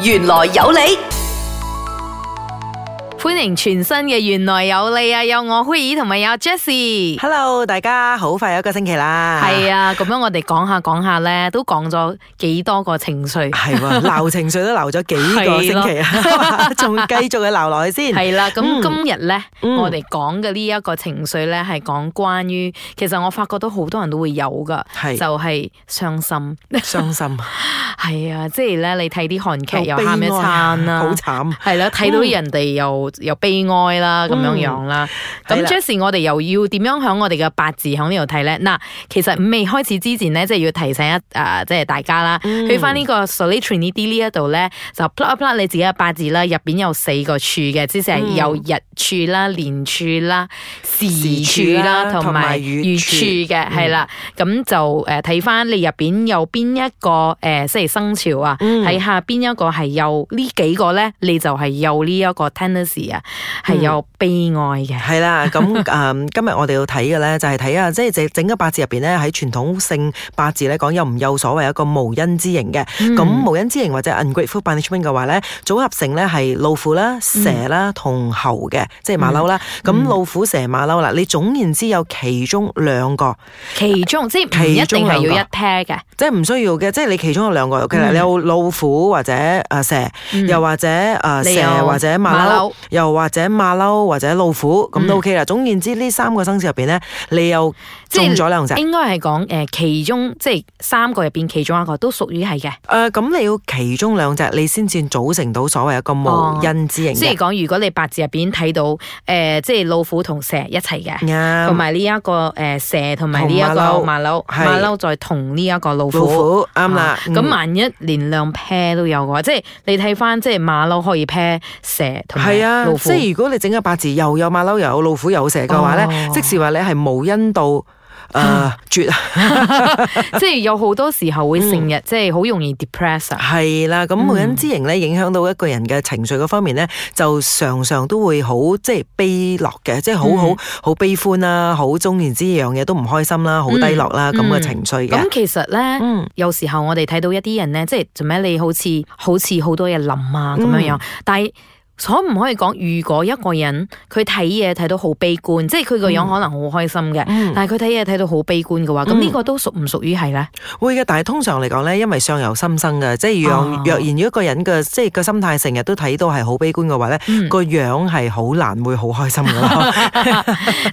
玄來有理。歡迎全新嘅，原來有你啊，有我 Hui 同埋有 Jessie。Hello，大家好，快一個星期啦。係啊，咁樣我哋講下講下咧，都講咗幾多個情緒，係喎，鬧情緒都鬧咗幾個星期啊，仲繼續去鬧落去先。係啦，咁今日咧，我哋講嘅呢一個情緒咧，係講關於，其實我發覺到好多人都會有噶，就係傷心，傷心，係啊，即係咧，你睇啲韓劇又喊一餐啦，好慘，係啦，睇到人哋又。有悲哀啦，咁樣樣啦。咁即係我哋又要點樣喺我哋嘅八字喺呢度睇咧？嗱，其實未開始之前咧，即係要提醒一誒、呃，即係大家啦。嗯、去翻呢個 s o l i t r i n i 呢啲呢一度咧，就 plot plot 你自己嘅八字啦。入邊有四個柱嘅，即係有日柱啦、年柱啦、時柱啦，同埋月柱嘅，係啦。咁、嗯、就誒睇翻你入邊有邊一個誒，即、呃、係生肖啊？睇下邊一個係有呢幾個咧，你就係有呢一個 tendency。啊，係有悲哀嘅，係 啦、嗯。咁、嗯、今日我哋要睇嘅咧，就係睇下，即係整整個八字入邊咧，喺傳統性八字咧講，有唔有所謂一個無恩之刑嘅？咁、嗯、無恩之刑或者 ungrateful punishment 嘅話咧，組合成咧係老虎啦、蛇啦同猴嘅、嗯，即係馬騮啦。咁、嗯、老虎蛇馬騮啦，你總然之有其中兩個，其中即係唔一定係要一 pair 嘅，即係唔需要嘅。即係你其中有兩個、嗯、你有老虎或者蛇，嗯、又或者蛇或者馬騮。又或者馬騮或者老虎咁都 OK 啦。總言之，呢三個生肖入面咧，你又中咗兩隻，應該係講其中即係三個入面其中一個都屬於係嘅。誒、呃、咁你要其中兩隻，你先至組成到所謂一個無因之形。即係講如果你八字入面睇到、呃、即係老虎同蛇一齊嘅，同埋呢一個誒蛇同埋呢一個馬騮，馬騮再同呢一個老虎。啱啦。咁、啊嗯、萬一連兩 pair 都有嘅話、嗯，即係你睇返即係馬騮可以 pair 蛇，係啊。即係如果你整個八字又有馬騮又有老虎又有蛇嘅話咧、哦，即時話你係無恩到。誒、呃、 絕， 即係有好多時候會成日即係好容易 depress 啊。係、嗯、啦，咁無恩之刑咧影響到一個人嘅情緒嗰方面咧，就常常都會好即係悲落嘅，即係好好好悲歡啦，好中年之餘樣嘢都唔開心啦，好低落啦咁嘅情緒。咁、嗯嗯嗯嗯、其實咧，有時候我哋睇到一啲人咧，即係做咩？你好似好似好多嘢諗啊咁樣樣，但係。可唔可以講？如果一個人佢睇嘢睇到好悲觀，即係佢個樣可能好開心嘅、嗯嗯，但係佢睇嘢睇到好悲觀嘅話，咁呢個都屬唔屬於係咧？會嘅，但係通常嚟講咧，因為相由心生嘅，即係若若然一果個人嘅、啊、即係個人即心態成日都睇到係好悲觀嘅話咧，個、嗯、樣係好難會好開心噶。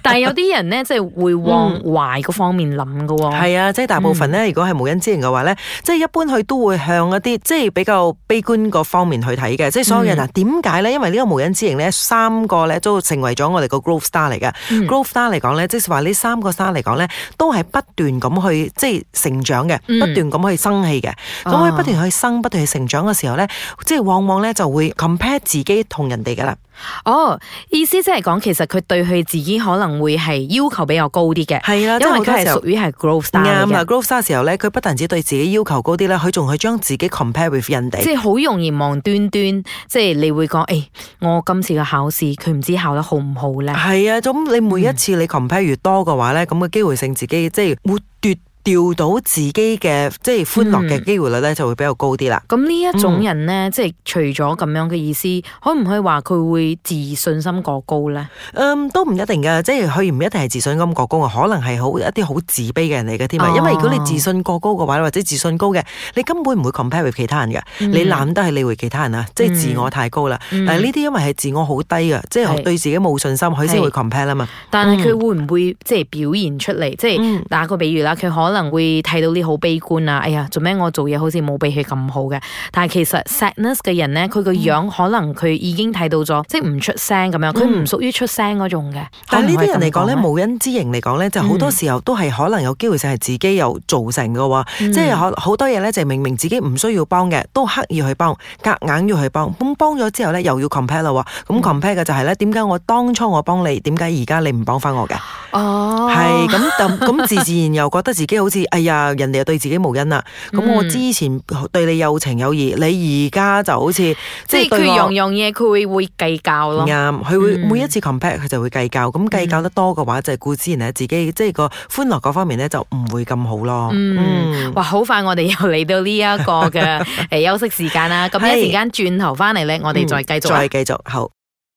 但係有啲人咧，即係會往壞個方面諗噶。係、嗯嗯、啊，即係大部分咧，如果係冇因之言嘅話咧，即係一般佢都會向一啲即係比較悲觀個方面去睇嘅。即係所有人啊，點解咧？因為呢個無人之形咧，三個咧都成為咗我哋個 growth star 嚟嘅，嗯、growth star 嚟講咧，即係話呢三個 star 嚟講咧，都係不斷咁去即係、就是、成長嘅、嗯，不斷咁去生氣嘅，咁、哦、佢不斷去生、不斷去成長嘅時候咧，即、就、係、是、往往咧就會 compare 自己同人哋噶啦。哦，意思即係講，其實佢對佢自己可能會係要求比較高啲嘅，係啦，因為佢係屬於係 growth star 嘅，啱啊，growth star 時候咧，佢不但止對自己要求高啲咧，佢仲係將自己 compare with 人哋，即係好容易望端端，即係你會講，誒，我今次嘅考試，佢唔知考得好唔好咧，係啊，咁你每一次你 compare 越多嘅話咧，咁嘅機會性自己即係會奪。就是調到自己嘅即係歡樂嘅機會率咧就會比較高啲啦。咁、嗯、呢一種人咧、嗯，即係除咗咁樣嘅意思，可唔可以話佢會自信心過高咧？嗯，都唔一定噶，即係佢唔一定係自信心過高，可能係好一啲好自卑嘅人嚟嘅添。因為如果你自信過高嘅話，或者自信高嘅，你根本唔會 compare with people,、嗯、其他人嘅，你懶得去理會其他人啊，即係自我太高啦、嗯。但係呢啲因為係自我好低啊，即係對自己冇信心，佢先會 compare 啊嘛、嗯。但係佢會唔會即係表現出嚟、嗯？即係打個比喻啦，佢可能。可能會睇到啲好悲觀啊！哎呀，做咩我做嘢好似冇俾佢咁好嘅？但係其實 sadness 嘅人咧，佢個樣可能佢已經睇到咗、嗯，即係唔出聲咁、嗯、樣，佢唔屬於出聲嗰種嘅。但係呢啲人嚟講咧，無恩之刑嚟講咧，就好多時候都係可能有機會就係自己又造成嘅、嗯。即係好好多嘢咧，就係明明自己唔需要幫嘅，都刻意去幫，夾硬要去幫。咁幫咗之後咧，又要 compare 啦。咁 compare 嘅就係、是、咧，點解我當初我幫你，點解而家你唔幫翻我嘅？哦，係咁咁，咁咁自自然又覺得自己。 好似哎呀，人哋又對自己無恩啦。咁、嗯、我之前對你有情有義，你而家就好似、嗯、即係佢樣樣嘢，佢會會計較咯。啱，佢會、嗯、每一次 compare，佢就會計較。咁計較得多嘅話，嗯、就係顧之然咧自己，即係個歡樂嗰方面咧就唔會咁好咯、嗯。嗯，哇，好快我哋又嚟到呢一個嘅誒休息時間啦。咁 一時間轉頭翻嚟咧，我哋再繼續，再繼續，好。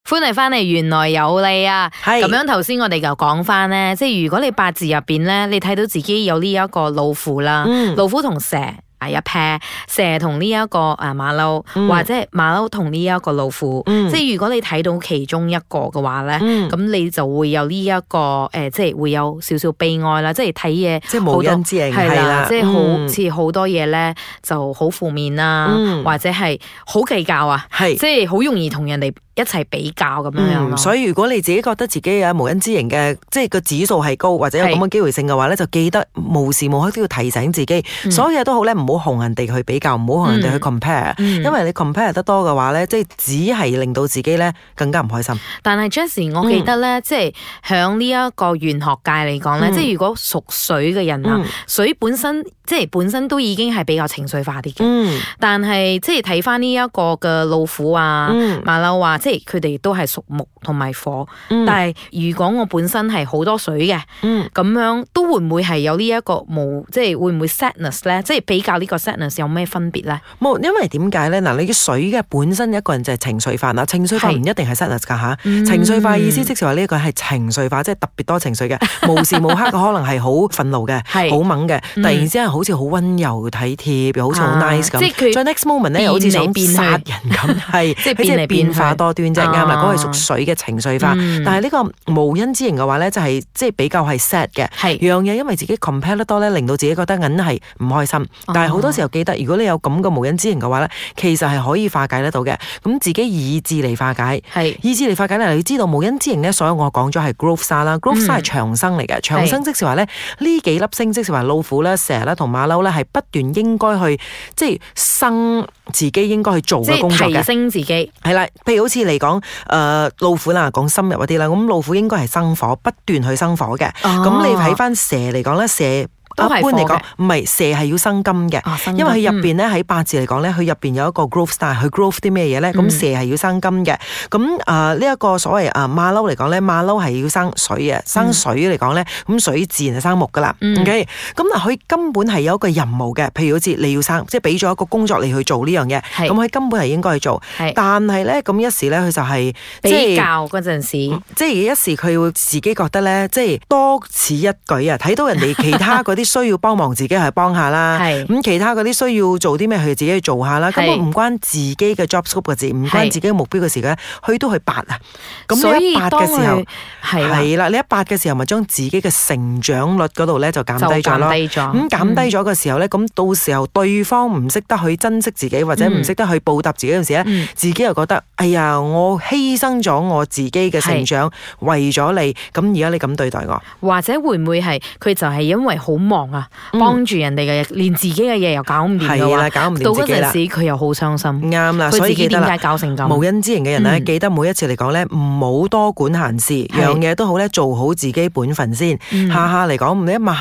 歡迎翻嚟，玄來有理啊！咁樣頭先我哋就講翻咧，即係如果你八字入邊咧，你睇到自己有呢一個老虎啦，老虎同蛇係一 pair，蛇同呢一個誒馬騮，或者馬騮同呢一個老虎，嗯老虎嗯老虎嗯、即係如果你睇到其中一個嘅話咧，咁、嗯、你就會有呢、這、一個誒、呃，即係會有少少悲哀啦，即係睇嘢即係冇因之嘅係啦，即係好似好多嘢咧就好負面啦、嗯，或者係好計較啊，即係好容易同人哋。一齊比較咁、嗯、樣樣咯，所以如果你自己覺得自己有無恩之刑嘅，即係個指數係高，或者有咁嘅機會性嘅話咧，就記得無時無刻都要提醒自己，嗯、所有嘢都好咧，唔好同人哋去比較，唔好同人哋去 compare、嗯嗯、因為你 compare 得多嘅話咧，即、就、係、是、只係令到自己咧更加唔開心。但係 Jesse 我記得咧、嗯，即係響呢一個玄學界嚟講咧，即係如果屬水嘅人啊、嗯，水本身即係本身都已經係比較情緒化啲嘅、嗯，但係即係睇翻呢一個嘅老虎啊、馬、嗯、騮啊。即係佢哋都係屬木同埋火，嗯、但係如果我本身係好多水嘅，咁、嗯、樣都會唔會係有呢一個木？即係會唔會 sadness 咧？即係比較呢個 sadness 有咩分別咧？冇，因為點解咧？嗱，你啲水嘅本身一個人就係情緒化，嗱，情緒化唔一定係 sadness 噶吓，情緒化意思就是這是化、嗯、即係話呢一個係情緒化，即係特別多情緒嘅， 無時無刻的可能係好憤怒嘅，好猛嘅、嗯，突然之間好似好溫柔體貼，又好似好 nice 咁、啊。即係佢 next moment 咧，有呢種變人咁，係即係變化多。 段就係啱啦，嗰個係屬水嘅情緒化，嗯、但係呢個無因之形嘅話咧，就係即係比較係 sad 嘅，樣嘢因為自己 compare 得多咧，令到自己覺得硬係唔開心。哦、但係好多時候記得，如果你有咁嘅無因之形嘅話咧，其實係可以化解得到嘅。咁自己意志嚟化解，意志嚟化解咧，你知道無因之形咧，所以我講咗係 growth 沙啦，growth 沙係長生嚟嘅、嗯，長生即係話咧呢幾粒星，即係話老虎咧、蛇咧同馬騮咧係不斷應該去即係生自己應該去做嘅工作嘅，係提升自己係啦，譬如好似。嚟講，誒老虎啦，講深入一啲啦，咁老虎應該係生火，不斷去生火嘅。咁、啊、你睇翻蛇嚟講咧，蛇。一般嚟講，唔係蛇係要生金嘅，啊，因為佢入邊咧喺八字嚟講咧，佢入邊有一個 growth star，佢 growth 啲咩嘢咧？咁、嗯、蛇係要生金嘅，咁啊呢一個所謂啊馬騮嚟講咧，馬騮係要生水啊，生水嚟講咧，咁、嗯、水自然係生木噶啦。O K，咁嗱佢根本係有一個任務嘅，譬如好似你要生，即係俾咗一個工作你去做呢樣嘢，咁佢根本係應該去做。但係咧咁一時咧，佢就係比較嗰陣時，即係一時佢會自己覺得咧，即係多此一舉啊！睇到人哋其他嗰啲。需要幫忙自己係幫下啦，咁其他嗰啲需要做啲咩，佢自己去做下啦。根本唔關自己嘅 job scope 嘅事，唔關自己嘅目標嘅事嘅，去到去八啊，咁所以八嘅時候係啦，你一八嘅時候咪將自己嘅成長率嗰度咧就減低咗咯。咁減低咗嘅、嗯、時候咧，咁到時候對方唔識得去珍惜自己，或者唔識得去報答自己陣時咧、嗯，自己又覺得哎呀，我犧牲咗我自己嘅成長，為咗你，咁而家你咁對待我，或者會唔會係佢就係因為好忙忙啊，幫住人哋嘅嘢，連自己嘅嘢又搞唔掂嘅話，啊、搞自己到嗰陣使佢又好傷心。啱啦，所以記得冇恩之的人嘅人咧，記得每一次嚟講咧，唔好多管閒事，樣嘢都好咧，做好自己本分先。嗯、下下嚟講唔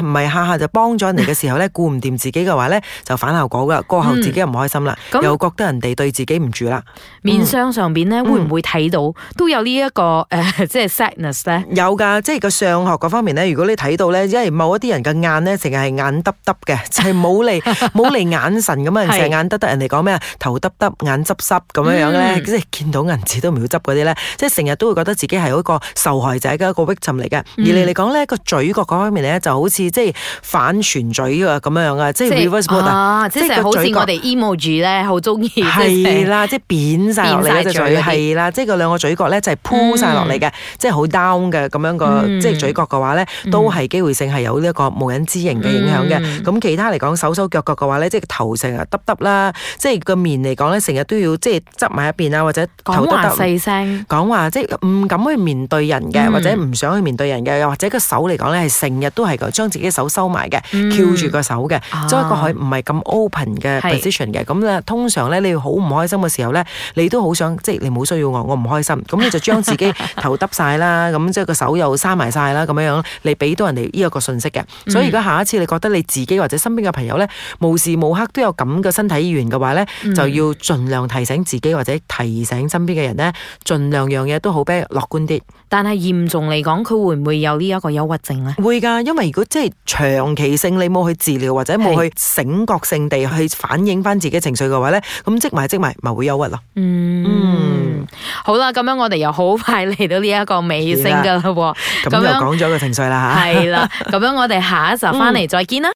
咪係下下就幫咗人哋嘅時候咧，顧唔掂自己嘅話咧，就反效果噶、嗯，過後自己又唔開心啦、嗯，又覺得人哋對自己唔住啦。面相上邊咧、嗯，會唔會睇到、嗯、都有、這個、 sadness 呢一個誒，即係 sadness 咧？有噶，即係個相學嗰方面咧，如果你睇到咧，因為某一啲人嘅眼咧。成日係眼耷耷嘅，就係冇嚟冇嚟眼神咁啊。成日眼耷耷，人哋講咩啊，頭耷耷，眼濕濕咁樣樣咧，即係見到銀紙都唔會執嗰啲咧。即係成日都會覺得自己係一個受害者嘅一個 victim 嚟嘅。而你嚟講咧，個嘴角嗰方面咧，就好似即係反轉嘴啊咁樣樣啊，即係 reverse。啊，即係好似我哋 emoji 咧，好中意係啦，即係扁曬落嚟嘅嘴係啦，即係個兩個嘴角咧就係 pull 曬落嚟嘅，即係好 down 嘅咁樣個即係嘴角嘅話咧，都係機會性係有呢一個無人知型嘅影響嘅，咁其他嚟講，手手腳腳嘅話咧，即係頭成日耷耷啦，即係個面嚟講咧，成日都要即係執埋一邊啊，或者頭耷耷，講話細聲，講話即係唔敢去面對人嘅、嗯，或者唔想去面對人嘅，又或者個手嚟講咧，係成日都係個將自己嘅手收埋嘅，翹、嗯、住手個手嘅，即係個佢唔係咁 open 嘅 position 嘅，咁咧通常咧，你好唔開心嘅時候咧，你都好想即係你冇需要我，我唔開心，咁你就將自己頭耷晒啦，咁 即係個手又閂埋晒啦，咁樣樣，你俾到人哋呢一個信息嘅，所以而家下一次你覺得你自己或者身邊嘅朋友咧，無時無刻都有咁嘅身體語言嘅話咧、嗯，就要盡量提醒自己或者提醒身邊嘅人咧，盡量樣嘢都好畀佢樂觀啲。但係嚴重嚟講，佢會唔會有憂鬱呢一個憂鬱症咧？會噶，因為如果即係長期性你冇去治療或者冇去醒覺性地去反映翻自己情緒嘅話咧，咁積埋積埋咪會憂鬱咯。嗯，好啦，咁樣我哋又好快嚟到呢一個尾聲噶啦，咁又講咗個情緒啦，係啦，咁樣我哋下一集翻嚟再見啦！